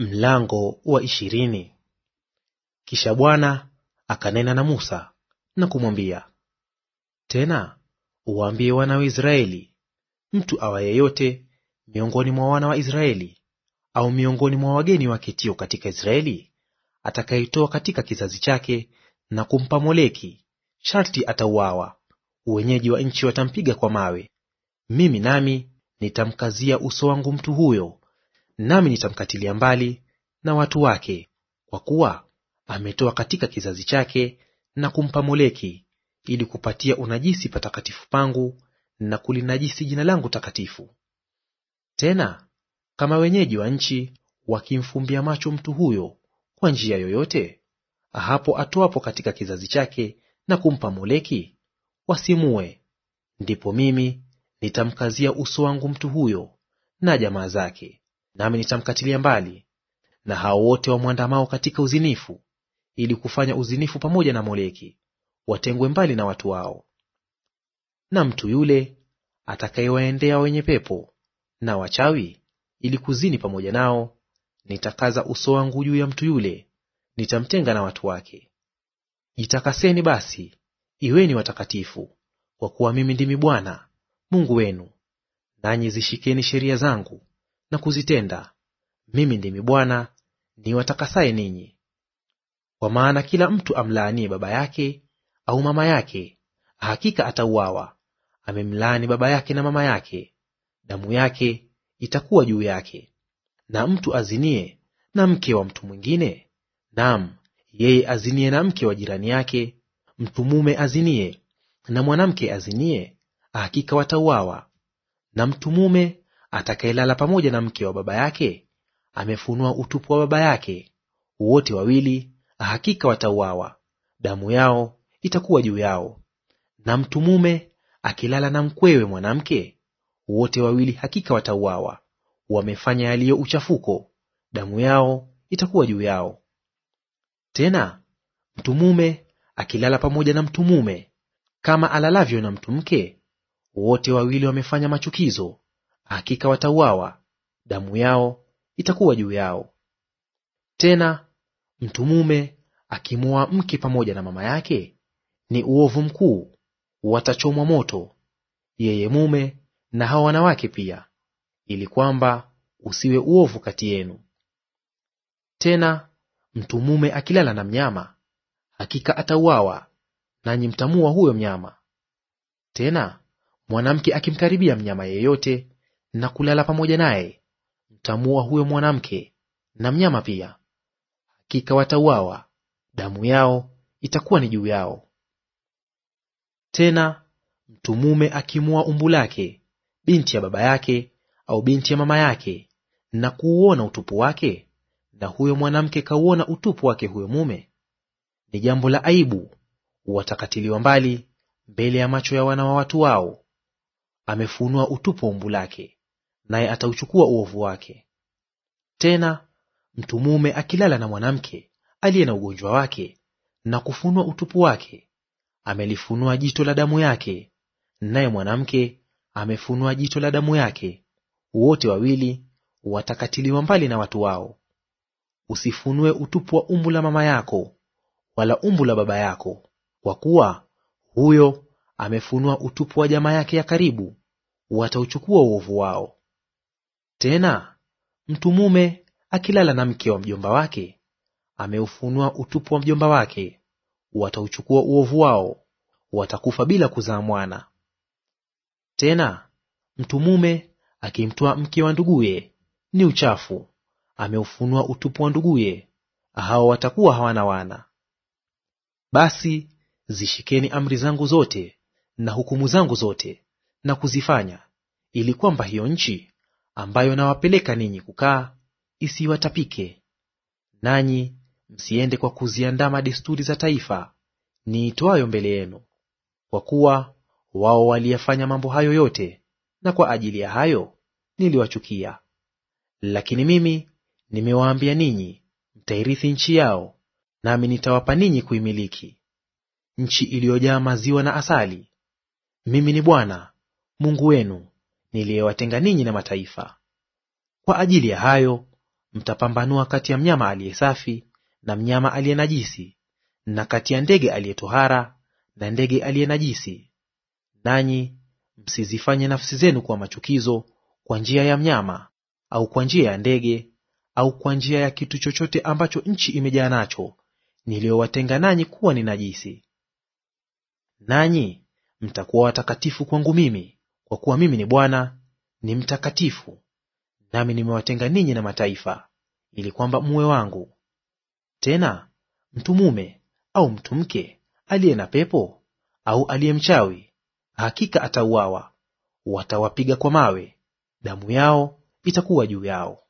Mlango wa ishirini. Kisha Bwana akanena na Musa na kumwambia, tena uwaambie wana wa Israeli, mtu awa yeyote miongoni mwa wana wa Israeli au miongoni mwa wageni waketio katika Israeli, atakayetoa katika kizazi chake na kumpa Moleki, sharti atauawa. Wenyeji wa nchi watampiga kwa mawe. Mimi nami nitamkazia uso wangu mtu huyo nami nitamkatilia mbali na watu wake, kwa kuwa ametoa katika kizazi chake na kumpa Moleki, ili kupatia unajisi patakatifu pangu na kulinajisi jina langu takatifu. Tena kama wenyeji wa nchi wakimfumbia macho mtu huyo kwa njia yoyote, hapo atoapo katika kizazi chake na kumpa Moleki, wasimue; ndipo mimi nitamkazia uso wangu mtu huyo na jamaa zake nami nitamkatilia mbali na hao wote wamwandamao katika uzinifu, ili kufanya uzinifu pamoja na Moleki, watengwe mbali na watu wao. Na mtu yule atakayewaendea wenye pepo na wachawi ili kuzini pamoja nao, nitakaza uso wangu juu ya mtu yule, nitamtenga na watu wake. Jitakaseni basi, iweni watakatifu, kwa kuwa mimi ndimi Bwana Mungu wenu, nanyi zishikeni sheria zangu na kuzitenda. Mimi ndimi Bwana niwatakasaye ninyi. Kwa maana kila mtu amlaanie baba yake au mama yake, hakika atauawa; amemlaani baba yake na mama yake, damu yake itakuwa juu yake. Na mtu azinie na mke wa mtu mwingine, naam, yeye azinie na mke wa jirani yake, mtu mume azinie na mwanamke azinie, hakika watauawa. Na mtu mume Atakayelala pamoja na mke wa baba yake amefunua utupu wa baba yake; wote wawili hakika watauawa, damu yao itakuwa juu yao. Na mtu mume akilala na mkwewe mwanamke, wote wawili hakika watauawa; wamefanya yaliyo uchafuko, damu yao itakuwa juu yao. Tena mtu mume akilala pamoja na mtu mume, kama alalavyo na mtu mke, wote wawili wamefanya machukizo, hakika watauawa, damu yao itakuwa juu yao. Tena mtu mume akimwoa mke pamoja na mama yake ni uovu mkuu, watachomwa moto, yeye mume na hao wanawake pia, ili kwamba usiwe uovu kati yenu. Tena mtu mume akilala na mnyama, hakika atauawa, nanyi mtamua huyo mnyama. Tena mwanamke akimkaribia mnyama yeyote na kulala pamoja naye, mtamua huyo mwanamke na mnyama pia. Hakika watauawa, damu yao itakuwa ni juu yao. Tena mtu mume akimua umbu lake, binti ya baba yake au binti ya mama yake, na kuuona utupu wake, na huyo mwanamke kauona utupu wake huyo mume, ni jambo la aibu, watakatiliwa mbali mbele ya macho ya wana wa watu wao. Amefunua utupu wa umbu lake naye atauchukua uovu wake. Tena mtu mume akilala na mwanamke aliye na ugonjwa wake na kufunua utupu wake, amelifunua jito la damu yake, naye mwanamke amefunua jito la damu yake; wote wawili watakatiliwa mbali na watu wao. Usifunue utupu wa umbu la mama yako, wala umbu la baba yako, kwa kuwa huyo amefunua utupu wa jamaa yake ya karibu; watauchukua uovu wao. Tena mtu mume akilala na mke wa mjomba wake, ameufunua utupu wa mjomba wake; watauchukua uovu wao, watakufa bila kuzaa mwana. Tena mtu mume akimtoa mke wa nduguye ni uchafu; ameufunua utupu wa nduguye; hao watakuwa hawana wana. Basi zishikeni amri zangu zote na hukumu zangu zote na kuzifanya, ili kwamba hiyo nchi ambayo nawapeleka ninyi kukaa, isiwatapike; nanyi msiende kwa kuziandama desturi za taifa niitoayo mbele yenu. Kwa kuwa wao waliyafanya mambo hayo yote, na kwa ajili ya hayo niliwachukia. Lakini mimi nimewaambia ninyi, mtairithi nchi yao, nami nitawapa ninyi kuimiliki, nchi iliyojaa maziwa na asali. Mimi ni Bwana Mungu wenu niliyewatenga ninyi na mataifa. Kwa ajili ya hayo mtapambanua kati ya mnyama aliye safi na mnyama aliye najisi, na kati ya ndege aliye tohara na ndege aliye najisi. Nanyi msizifanye nafsi zenu kuwa machukizo kwa njia ya mnyama au kwa njia ya ndege au kwa njia ya kitu chochote ambacho nchi imejaa nacho, niliyowatenga nanyi kuwa ni najisi. Nanyi mtakuwa watakatifu kwangu mimi kwa kuwa mimi ni Bwana ni mtakatifu, nami nimewatenga ninyi na mataifa, ili kwamba mwe wangu. Tena mtu mume au mtu mke aliye na pepo au aliye mchawi, hakika atauawa; watawapiga kwa mawe, damu yao itakuwa juu yao.